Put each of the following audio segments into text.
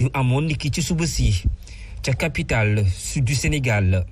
yu amoon niki capitale sud du Sénégal.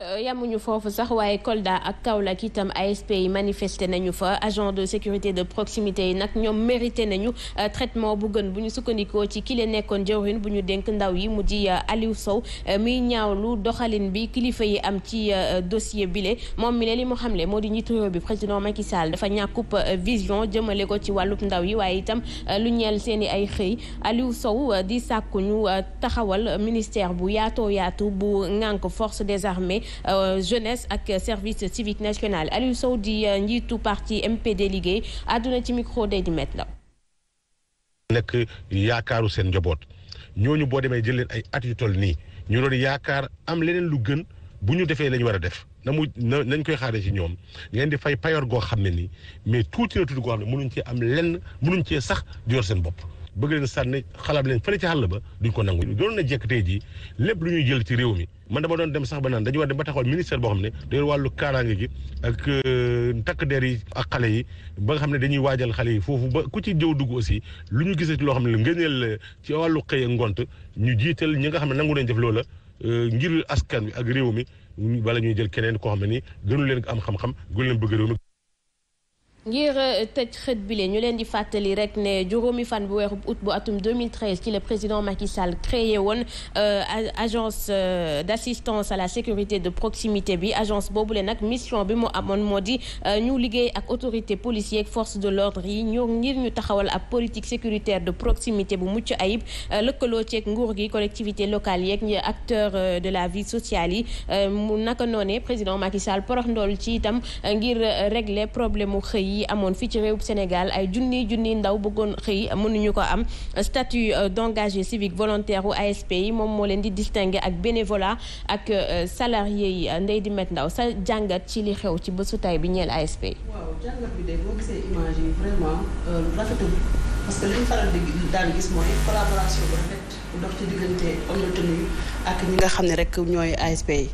Euh, yamuñu fofu sax waye Kolda ak Kaolack itam ASP yi manifesté nañu fa agent de sécurité de proximité nak ñom mérité nañu euh, traitement bu gën buñu ñu ci ki leen jawrin buñu dénk ndaw yi mu di euh, Aliou Sow mi ñaawlu doxalin bi kilifa yi am ci dossier bile Mon mi leen li mu xamlé modi di njiitu bi président Macky dafa ñakup vision jëmele ko ci walup ndaw yi waye itam lu ñël seen ay xey Aliou Sow di sakku ñu taxawal ministère bu yaatoo yaatu bu ngank force des armées Euh, jeunesse ak service civique national Aliou Sow di euh, njiitu parti MPD liggéey àdduna ci micro day di met la nekk yaakaaru seen njaboot ñooñu boo demee jël leen ay at yu nii ñu doon yaakaar am leneen lu gën bu ñu defee lañu ñu war a def na mu na nañ koy xaaree ci ñoom ngeen di fay payoor goo xam ne nii mais tuuti na tuuti goo xam ne mënuñ cee am lenn mënuñ cee sax di yor seen bopp bëgg leen sànni xalaat leen fële ci àll ba duñ ko nangu doon na jekk tey jii lépp lu ñuy jël ci réew mi man dama doon dem sax ba naan dañu war dem ba taxawal ministère boo xam ne dañu wàllu kaaraange gi ak euh, takk der yi ak xale yi ba nga xam ne dañuy waajal xale yi foofu ba ku ci jëw dugg aussi lu ñu gisati loo xam ne ngëneel ci wàllu xëy ngont ñu jiital ñi nga xam ne nangu nañ def loola euh, ngir askan wi ak réew mi bala ñuy jël keneen koo xam ne nii gënu leen am xam-xam gënu leen bëgg réew mi ngir euh, tëj xët bile ñu leen di fàttali rek ne juróomi fan bu weeru août bu atum 2013 ci le président Macky Sall créé woon euh, agence euh, d'assistance à la sécurité de proximité bi agence boobule nag mission bi mu amoon moo di ñu liggéey ak autorité policier ak force de l'ordre yi ñu ngir ñu taxawal ab politique sécuritaire de proximité bu mucc ayib lëkkaloo ceeg nguur gi collectivité locale yeeg ñi acteur de la vie sociale yi mu naka noonee président Macky Sall porox ndool ci itam ngir régler problème mu xëy à mon futur ci Sénégal ay junni junni ndaw bëggoon xëy statut euh, d'engagé civique volontaire au ASPI yi moom moo leen di distinguer ak bénévolat ak euh, salarié yi euh, di met Ndaw sa jàngat ci li xew ci tay bi parce que li faral di daan gis mooy collaboration bu rafet bu dox ci diggante homme de ak ñi nga xam ne rek ñooy ASP yi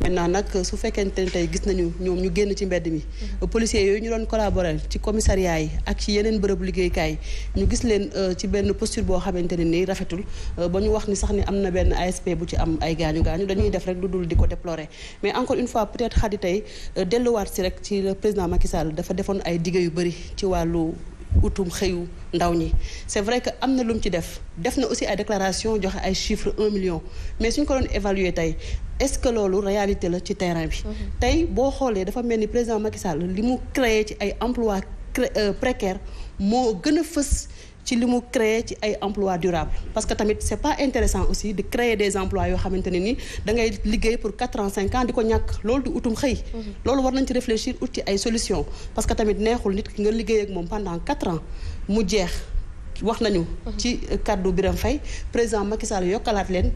maintenant nag su fekkente ne tey gis nañu ñoom ñu génn ci mbedd mi mhm. policiers yooyu ñu doon collaborer ci commissariat yi ak ci yeneen bërëbu liggéeykaay ñu gis leen euh, ci benn posture boo xamante ne nii rafetul euh, ba ñu wax ni sax ni am na benn ASP bu ci am ay gaañu gaañu dañuy def rek lu dul di ko déplorer mais encore une fois peut-être xadi tey euh, delluwaat si rek ci le président Macky dafa defoon ay digge yu bëri ci wàllu utum xëyu ndaw ñi c'est vrai que am na lu mu ci def def na aussi ay déclaration joxe ay chiffres un million mais suñ ko doon évaluer tey est-ce que loolu réalité la ci terrain bi mhm. tey boo xoolee dafa mel ni président Macky li mu créé ci ay emploi euh, précaire moo gën a fës ci li créer ci ay emploi durable parce que tamit c'est pas intéressant aussi de créer des emplois yo xamanteni ni da ngay liggéey pour 4 ans 5 ans diko ñak ñàkk du utum xey mhm. loolu war nañ ci réfléchir ut ay solution parce que tamit neexul nit ki nga liggéey ak mom pendant 4 ans mu jeex wax nañu mhm. ci kàddu Birame fay président Macky Sall yokalat len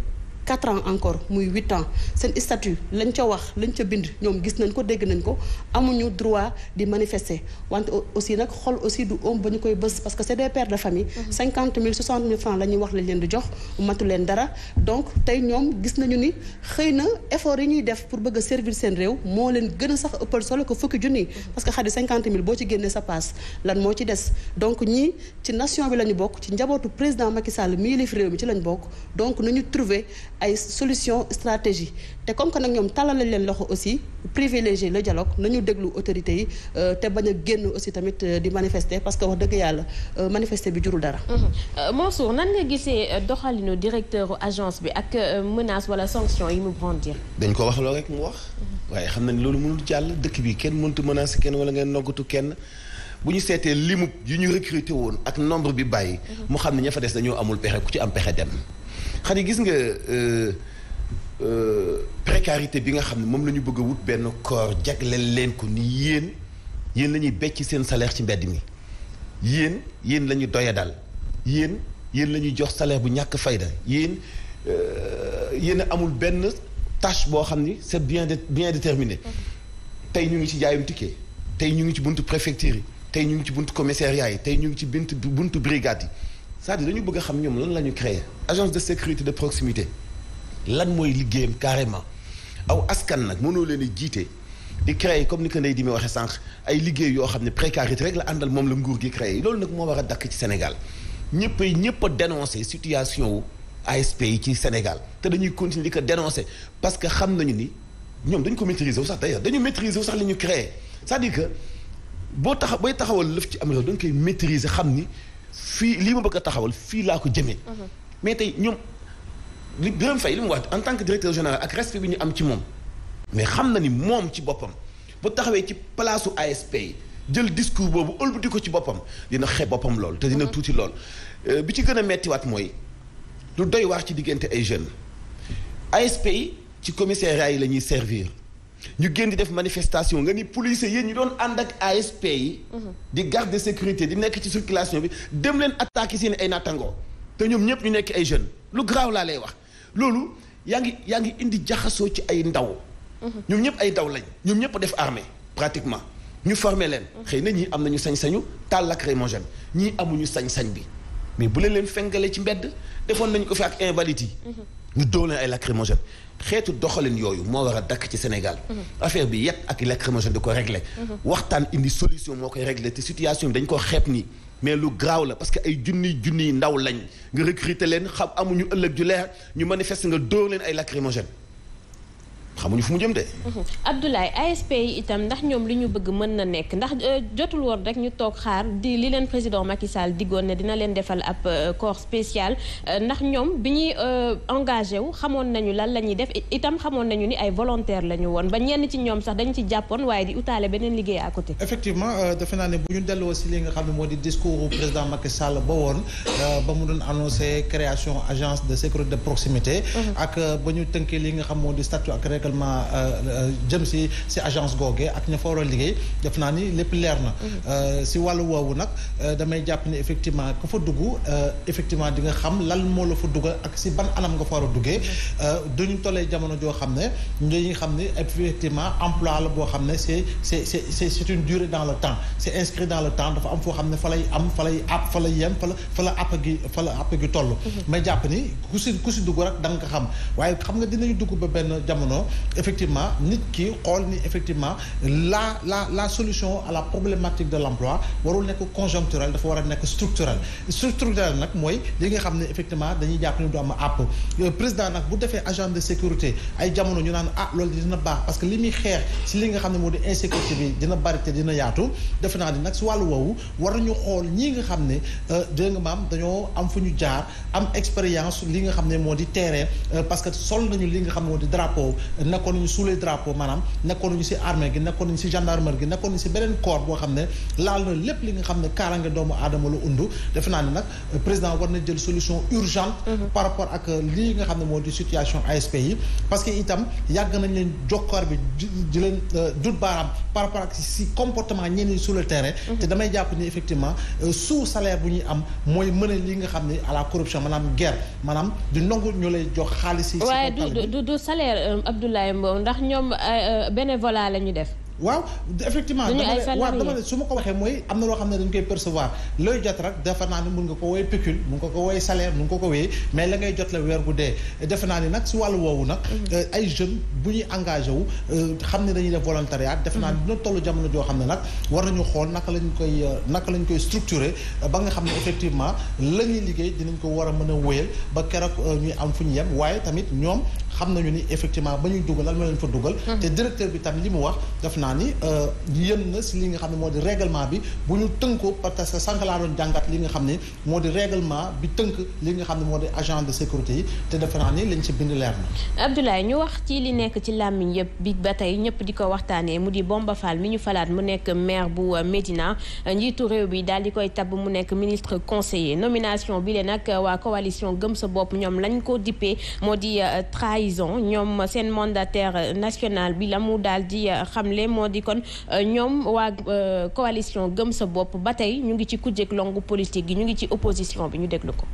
4 ans encore, 8 ans. Sen statut, lañ ci wax, lañ ci bind, ñom gis nañ ko, dégg nañ ko, amuñu droit di manifester. Wante aussi nak xol aussi du homme bañ koy bëss parce que c'est des pères de famille. 50 000, 60 000 francs lañu wax lañ leen di jox, matu leen dara. Donc tay ñom gis nañu ni xeyna effort yi ñuy def pour bëgg servir sen réew mo leen gëna sax efforts solo servir les gens. parce que xadi 50 000 bo ci génné sa passe, lan mo ci dess. Donc ñi ci nation bi lañu bok, ci njabotu président Macky Sall mi lif réew mi ci lañ bok. Donc nañu trouver ay solution stratégie te comme que nak ñom talal lañ leen loxo aussi privilégier le dialogue nañu déglu autorité yi euh, te bañ a génn aussi tamit euh, di manifester parce que wax deug yalla euh, manifester bi jurul dara. Mhm. Mansour nan nga gissé doxalino directeur agence bi ak menace wala sanction yi mu brandir. dañ ko wax lo rek mu wax. Mhm. waye xam nañ loolu mënul jàll dëkk bi kenn mënut menacer kenn wala ngeen noggatu kenn. bu ñu seetee limu yu ñu recruté woon ak nombre bi bàyyi. Mhm. mu xam ne ña fa des amul pexé ku ci am pexé dem. xar yi gis nga euh, euh, précarité bi nga xam ne moom la ñu bëgg a wut benn corps jagleel leen ko ni yéen yéen la ñuy becc seen salaire ci mbedd mi yéen yéen la ñu doya dal yéen yéen la ñuy jox salaire bu ñàkk fayda yéen euh, yéen amul benn tâche boo xam ni c'est bien bien déterminé tey ñu ngi ci jaayum ticket tey ñu ngi ci buntu préfecture yi tey ñu ngi ci buntu commissariat yi tey ñu ngi ci buntu buntu brigade yi c'est-à-dire dañu bëgg a xam ñoom lan la créer agence de sécurité de proximité lan mooy liggéeyam carrément aw askan nag mënoo leen di di créer comme ni ko Ndeye Dimi waxee sànq ay liggéey yoo xam ne précarité rek la àndal moom la nguur gi créer loolu nag moo war a dakk ci Sénégal ñëpp a dénoncer a situation ASP yi ci Sénégal te dañuy continuer di ko dénoncé parce que xam nañu ni ñom dañ ko maîtriser sax d'ailleurs dañu maîtriser sax li ñu créer c'est-à-dire que boo tax booy taxawal leuf ci am réew dañ koy maîtriser xamni fii lii ma bëgg a taxawal fii laa ko jëmee. Mhm. mais tey ñoom li Birame fay li mu wax en tant que directeur général ak respect bi ñu am ci moom. mais xam na ni moom ci boppam bu taxawee ci palaasu ASP yi jël discours boobu ëlbati ko ci boppam dina xe boppam lool te dina mhm. tuuti lool. Euh, bi ci gën a méttiwaat mooy lu doy waar ci diggante ay jeunes ASP yi ci commissariat yi la ñuy servir. ñu génn def manifestation nga ni police yéen ñu doon ànd ak ASP yi. Mhm. di garde de sécurité di nekk ci circulation bi dem leen attaquer seen ay nattangoo te ñoom ñëpp ñu nekk ay jeune lu grave laa lay wax loolu yaa ngi yaa ngi indi jaxasoo ci ay ndaw. Mhm. ñoom ñëpp ay ndaw lañ ñoom ñëpp def armée pratiquement ñu former leen. Mhm. xëy na ñii am nañu sañ-sañu taal jeune ñii amuñu sañ-sañ bi mais bu leen leen fengale ci mbedd defoon nañu ko fi ak invalide yi. ñu dóor leen ay lacrymogène xeetu doxalin yooyu moo war a dakk ci Sénégal affaire bi yépp ak lacrymogène di ko régler waxtaan indi solution moo koy régler te situation bi dañ ko xeeb nii mais lu graaw la parce que ay junniy junniy ndaw lañ nga recruter leen xam amuñu ëllëg ju leer ñu manifester nga dóor leen ay lacrymogène xamuñu fu mu jëm de. Mhm. Abdoulaye ASP yi itam ndax ñoom li ñu bëgg mën na nekk ndax euh, jotul woon rek ñu toog xaar di li leen président Macky Sall diggoon ne dina leen defal ab euh, corps spécial euh, ndax ñoom bi ñuy engagé wu xamoon nañu lan la ñuy def itam xamoon nañu ni ay volontaire la ñu woon ba ñenn ci ñoom sax dañu ci jàppoon waaye di utaale beneen liggéey à côté. effectivement defe naa ne bu ñu delloo si li nga xam ne moo di discours président Macky Sall ba woon ba mu doon annoncé de sécurité mhm. li nga ma euh, euh, jëm si ci agence googee ak ña fa war a liggéey def naa ni lépp leer na mhm. euh, si wàllu woowu nag damay jàpp ni effectivement ku fa dugg effectivement di nga xam lan moo la fa dugal ak si ban anam nga fa war a duggee mhm. duñu tollee jamono joo xam ne ñi xam effectivement emploi la boo xam ne c'est c'est c'est c'est une durée dans le temps c'est inscrit dans le temps dafa am foo xam ne fa lay am fa lay àpp fa lay yem fa la fa la app gi fa la app gi toll mhm. may jàpp ni ku si ku si dugg rek da nga ko xam waaye xam nga dinañu dugg ba benn jamono effectivement nit ki xol ni effectivement la la la solution à la problématique de l'emploi warul nek conjoncturel dafa wara nek structurel structurel nak moy li nga xamné effectivement dañuy japp ni du am le euh, président nak bu défé agent de sécurité ay jamono ñu naan ah loolu dina baax parce que limi muy ci si li nga xamné modi insécurité bi dina bari té dina yaatu def na ni nag walu wàllu woowu war nañu xool ñi nga xamné euh dégg maam dañoo am fuñu jaar am expérience li nga xamné modi terrain euh, parce que sol nañu li nga xamné modi drapeau nekkoon nañu sous les drapeaux maanaam nekkoon nañu si armée gi nekkoon nañu si gendarmerie gi nekkoon nañu si beneen corps boo xam ne laal na lépp li nga xam ne kaarange doomu aadama la undu defe naa ne nag euh, président war na jël solution urgente mhm. par rapport ak euh, lii nga xam ne moo di situation ASP yi parce que itam yàgg nañ leen jokkoor bi di leen euh, dut baaraam par rapport ak si comportement ñenn ñi sur le terrain mhm. te damay jàpp ni effectivement sous salaire bu ñuy am mooy mën li nga xam ne à la corruption maanaam guerre maanaam di nangu ñu lay jox xaalis yi waaye du du salaire Abdoulaye Abdoulaye Mbow ndax ñoom euh, euh, bénévolat la ñu def. waaw effectivement waaw dama ne su ma ko waxee mooy am na loo xam ne dañ koy percevoir looy jot rek defe naa ni mun nga ko woy pecule mun nga ko woy salaire mun nga ko woy mais la jot la weer bu dee defe naa ni nag si wàllu woowu nag mhm. euh, ay jeunes bu ñuy engagé wu xam ne dañuy def volontariat defe naa ni mhm. dina toll jamono joo xam ne nag war nañu xool naka lañ koy naka lañ koy structuré ba nga xam ne effectivement la ñuy liggéey dinañ ko war a mën a wéyal ba keroog ñuy am fu ñu yem waaye tamit ñoom xamnañu ni effectivement ba duggal dugal lan ma leen fa duggal hmm. té directeur bi tam limu wax def naa ni euh, yëm na ci li nga xamné ne règlement bi buñu teunkoo parce que sank la doon jangat li nga xamné ne règlement bi teunk li nga xamné ne agent de sécurité yi te defe naa ni lañ ci bind leer na Abdoulaye ñu wax ci li nekk ci lamine yëpp bi batay tey ñëpp di ko mu di Bomba Fall mi ñu falaat mu nekk maire bu euh, Médina njiitu réew bi dal di koy tab mu nekk ministre conseiller nomination bi leen nak wa coalition gëm sa bop ñom lañ ko dippé moo di euh, trahi trahison ñoom seen mandataire national bi la mu daal di euh, xamle moo di kon euh, ñoom waa koalition euh, gëm sa bopp ba tey ñu ngi ci kujjeg longu politique gi ñu ngi ci opposition bi ñu déglu ko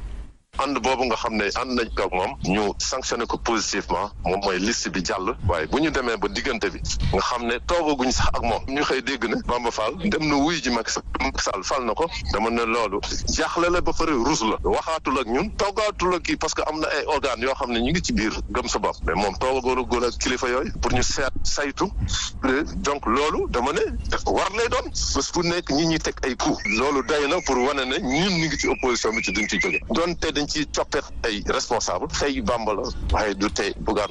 ànd boobu nga xam ne ànd nañ ko ak moom ñu sanctionné ko positivement moom mooy liste bi jàll waaye bu ñu demee ba diggante bi nga xam ne toogaguñ sax ak moom ñu xëy dégg ne Bamba Fall dem na wuy ji Macky Sall fal na ko dama ne loolu jaaxle la ba pare rus la waxaatul ak ñun toogaatul ak kii parce que am na ay organes yoo xam ne ñu ngi ci biir gëm sa bopp mais moom toogagóoragóor ak kilifa yooy pour ñu seet saytu donc loolu dama ne war lay doon bés bu nekk ñi teg ay coup loolu day na pour wane ne ñun ñu ngi ci opposition bi ci duñ ci jóge ci toppee ay responsable tey Bamba la waaye du tey Bougane